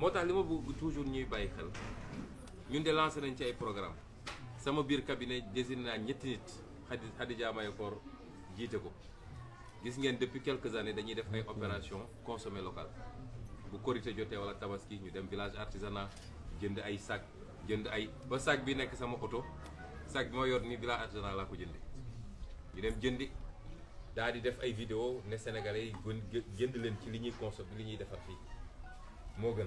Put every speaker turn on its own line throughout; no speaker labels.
moo tax li ma bëgg toujours ñuy bàyyi xel ñun de lancé nañ ci ay programme sama biir cabinet désigné naa ñetti nit xadi Khadija por jiite ko gis ngeen depuis quelques années dañuy def ay opération consommé local bu korité jotee wala tabaski ñu dem village artisanat jënd ay sag jënd ay ba sag bi nekk sama oto sag bi ma yor ni village artisanat laa ko jënde ñu dem jëndi daal di def ay vidéo ne sénégalais yi jënd leen ci li ñuy consommé li ñuy defar fii moo gën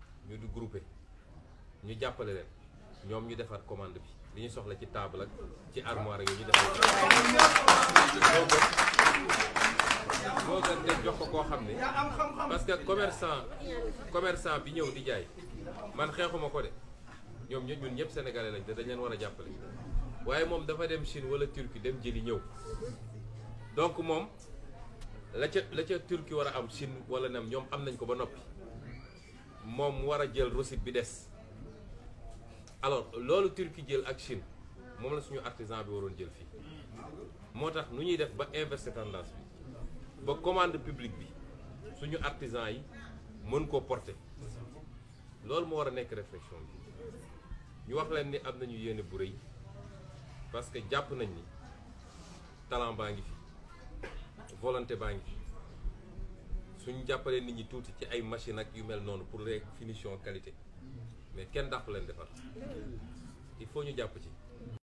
ñu du groupé ñu jàppale leen ñoom ñu defar commande bi li ñu soxla ci table ak ci armoire yooyu ñu defar boo gën de jox ko koo xam ne parce que commerçant commerçant bi ñëw di jaay man xeexuma ko de ñoom ñun ñun ñëpp sénégalais lañ te dañ leen war a jàppale waaye moom dafa dem Chine wala Turquie dem jëli ñëw donc moom la ca la ca turki war a am Chine wala nam ñoom am nañ ko ba noppi mom wara jël bi alors lolu turki jël ak Chine mom la suñu artisan bi ont jël nu def ba inverser tendance bi ba commande publique bi suñu artisan yi mën ko porter lolu mo wara nek réflexion bi ñu wax leen ni am nañu bu parce que les nañ ni talent volonté suñu jàppalee nit ñi tuuti ci ay machine ak yu mel noonu pour les finitions qualité mais kenn dàq leen defar mm-hmm. il faut ñu jàpp ci